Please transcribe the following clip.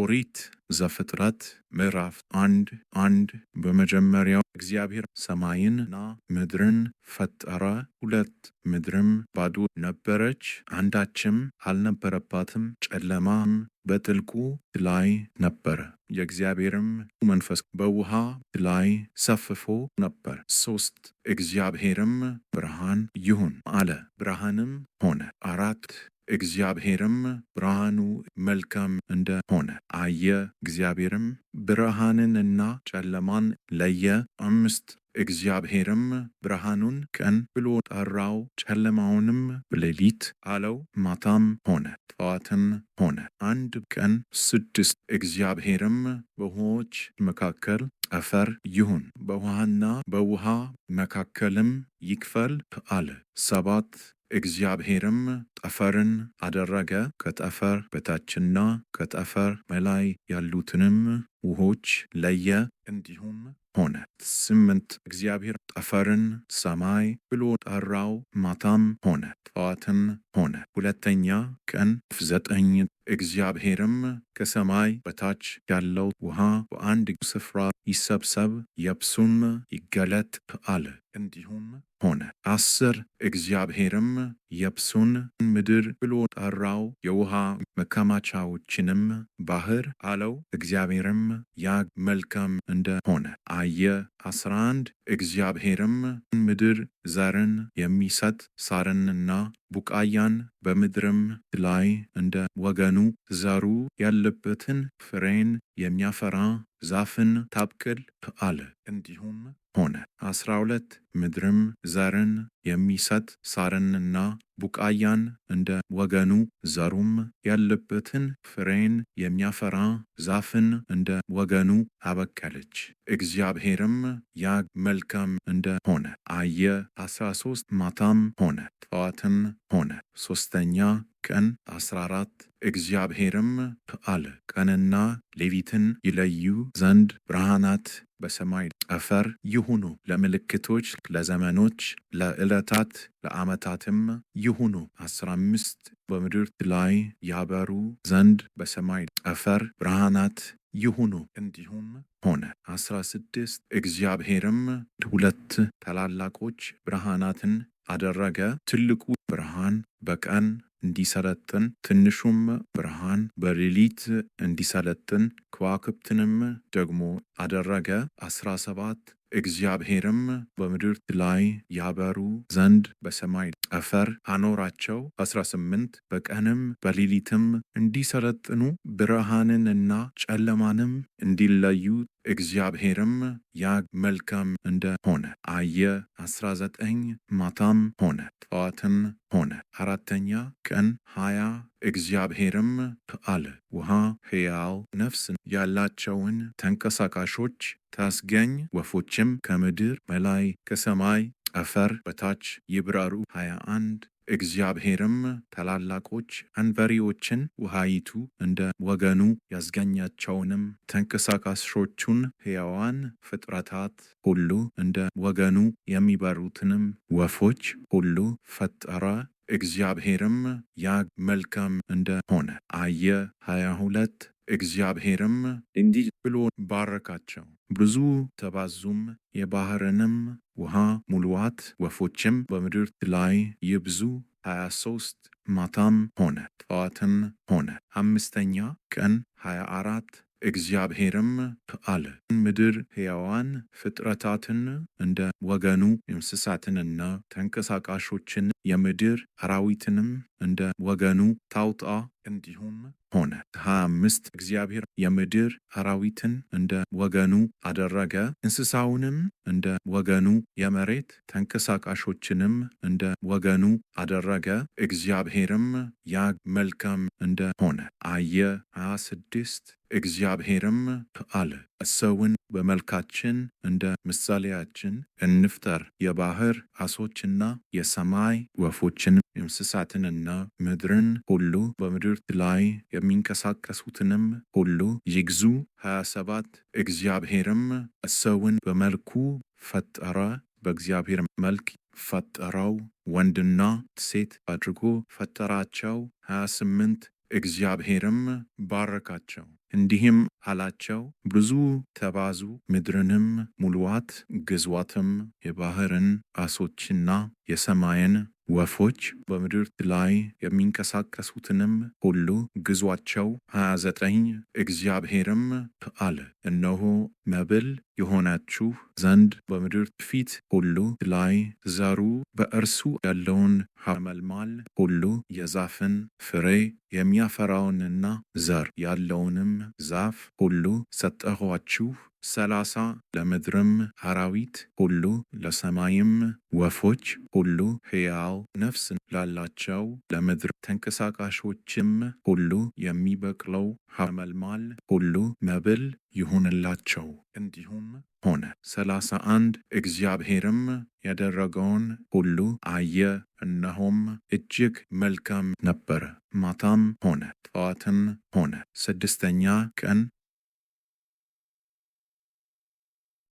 ኦሪት ዘፍጥረት ምዕራፍ አንድ አንድ በመጀመሪያው እግዚአብሔር ሰማይንና ምድርን ፈጠረ። ሁለት ምድርም ባዶ ነበረች፣ አንዳችም አልነበረባትም፣ ጨለማም በጥልቁ ላይ ነበረ። የእግዚአብሔርም መንፈስ በውሃ ላይ ሰፍፎ ነበር። ሶስት እግዚአብሔርም ብርሃን ይሁን አለ፣ ብርሃንም ሆነ። አራት እግዚአብሔርም ብርሃኑ መልካም እንደሆነ አየ። እግዚአብሔርም ብርሃንንና ጨለማን ለየ። አምስት እግዚአብሔርም ብርሃኑን ቀን ብሎ ጠራው፣ ጨለማውንም ብሌሊት አለው። ማታም ሆነ ጠዋትም ሆነ አንድ ቀን። ስድስት እግዚአብሔርም በውኆች መካከል ጠፈር ይሁን፣ በውሃና በውሃ መካከልም ይክፈል አለ። ሰባት እግዚአብሔርም ጠፈርን አደረገ፣ ከጠፈር በታችና ከጠፈር በላይ ያሉትንም ውሆች ለየ። እንዲሁም ሆነ። ስምንት እግዚአብሔር ጠፈርን ሰማይ ብሎ ጠራው። ማታም ሆነ ጠዋትም ሆነ ሁለተኛ ቀን። ዘጠኝ እግዚአብሔርም ከሰማይ በታች ያለው ውሃ በአንድ ስፍራ ይሰብሰብ፣ የብሱም ይገለጥ አለ። እንዲሁም ሆነ። አስር እግዚአብሔርም የብሱን ምድር ብሎ ጠራው፣ የውሃ መከማቻዎችንም ባህር አለው። እግዚአብሔርም ያ መልካም እንደሆነ አየ። 11 እግዚአብሔርም ምድር ዘርን የሚሰጥ ሳርንና ቡቃያን በምድርም ላይ እንደ ወገኑ ዘሩ ያለበትን ፍሬን የሚያፈራ ዛፍን ታብቅል አለ። እንዲሁም ሆነ። አስራ ሁለት ምድርም ዘርን የሚሰጥ ሳርንና ቡቃያን እንደ ወገኑ ዘሩም ያለበትን ፍሬን የሚያፈራ ዛፍን እንደ ወገኑ አበቀለች። እግዚአብሔርም ያ መልካም እንደ ሆነ አየ። አስራ ሶስት ማታም ሆነ ጠዋትም ሆነ ሶስተኛ ቀን አስራ አራት እግዚአብሔርም አለ፣ ቀንና ሌሊትን ይለዩ ዘንድ ብርሃናት በሰማይ ጠፈር ይሁኑ፣ ለምልክቶች፣ ለዘመኖች፣ ለዕለታት፣ ለዓመታትም ይሁኑ። አስራ አምስት በምድር ላይ ያበሩ ዘንድ በሰማይ ጠፈር ብርሃናት ይሁኑ። እንዲሁም ሆነ። አስራ ስድስት እግዚአብሔርም ሁለት ታላላቆች ብርሃናትን አደረገ። ትልቁ ብርሃን በቀን እንዲሰለጥን ትንሹም ብርሃን በሌሊት እንዲሰለጥን ከዋክብትንም ደግሞ አደረገ። አስራ ሰባት እግዚአብሔርም በምድር ላይ ያበሩ ዘንድ በሰማይ ጠፈር አኖራቸው። 18 በቀንም በሌሊትም እንዲሰለጥኑ ብርሃንንና ጨለማንም እንዲለዩ እግዚአብሔርም ያ መልካም እንደሆነ አየ። 19 ማታም ሆነ ጠዋትም ሆነ አራተኛ ቀን 20 እግዚአብሔርም አለ ውሃ ሕያው ነፍስ ያላቸውን ተንቀሳቃሾች ታስገኝ፣ ወፎችም ከምድር በላይ ከሰማይ አፈር በታች ይብራሩ። 21 እግዚአብሔርም ታላላቆች አንበሪዎችን ውሃይቱ እንደ ወገኑ ያስገኛቸውንም ተንቀሳቃሾቹን ሕያዋን ፍጥረታት ሁሉ እንደ ወገኑ የሚበሩትንም ወፎች ሁሉ ፈጠረ። እግዚአብሔርም ያ መልካም እንደሆነ አየ። 22 እግዚአብሔርም እንዲህ ብሎ ባረካቸው፣ ብዙ ተባዙም፣ የባህርንም ውሃ ሙሉዋት፣ ወፎችም በምድር ላይ ይብዙ። 23 ማታም ሆነ ጠዋትም ሆነ አምስተኛ ቀን 24 እግዚአብሔርም አለ፣ ምድር ሕያዋን ፍጥረታትን እንደ ወገኑ እንስሳትንና ተንቀሳቃሾችን የምድር አራዊትንም እንደ ወገኑ ታውጣ እንዲሁም ሆነ። ሀያ አምስት እግዚአብሔር የምድር አራዊትን እንደ ወገኑ አደረገ፣ እንስሳውንም እንደ ወገኑ፣ የመሬት ተንቀሳቃሾችንም እንደ ወገኑ አደረገ። እግዚአብሔርም ያ መልካም እንደሆነ አየ። ሀያ ስድስት እግዚአብሔርም አለ ሰውን በመልካችን እንደ ምሳሌያችን እንፍጠር፣ የባህር አሶችና የሰማይ ወፎችን እንስሳትንና ምድርን ሁሉ በምድር በትምህርት ላይ የሚንቀሳቀሱትንም ሁሉ ይግዙ። 27 እግዚአብሔርም ሰውን በመልኩ ፈጠረ፣ በእግዚአብሔር መልክ ፈጠረው፣ ወንድና ሴት አድርጎ ፈጠራቸው። 28 እግዚአብሔርም ባረካቸው እንዲህም አላቸው፣ ብዙ ተባዙ፣ ምድርንም ሙሉዋት፣ ግዟትም የባህርን አሶችና የሰማይን ወፎች በምድር ላይ የሚንቀሳቀሱትንም ሁሉ ግዟቸው። 29 እግዚአብሔርም አለ፣ እነሆ መብል የሆናችሁ ዘንድ በምድር ፊት ሁሉ ላይ ዘሩ በእርሱ ያለውን ሐመልማል ሁሉ የዛፍን ፍሬ የሚያፈራውንና ዘር ያለውንም ዛፍ ሁሉ ሰጠኋችሁ ሰላሳ ለምድርም አራዊት ሁሉ ለሰማይም ወፎች ሁሉ ሕያው ነፍስ ላላቸው ለምድር ተንቀሳቃሾችም ሁሉ የሚበቅለው ሐመልማል ሁሉ መብል ይሁንላቸው። እንዲሁም ሆነ። ሰላሳ አንድ እግዚአብሔርም ያደረገውን ሁሉ አየ፣ እነሆም እጅግ መልካም ነበረ። ማታም ሆነ ጠዋትም ሆነ ስድስተኛ ቀን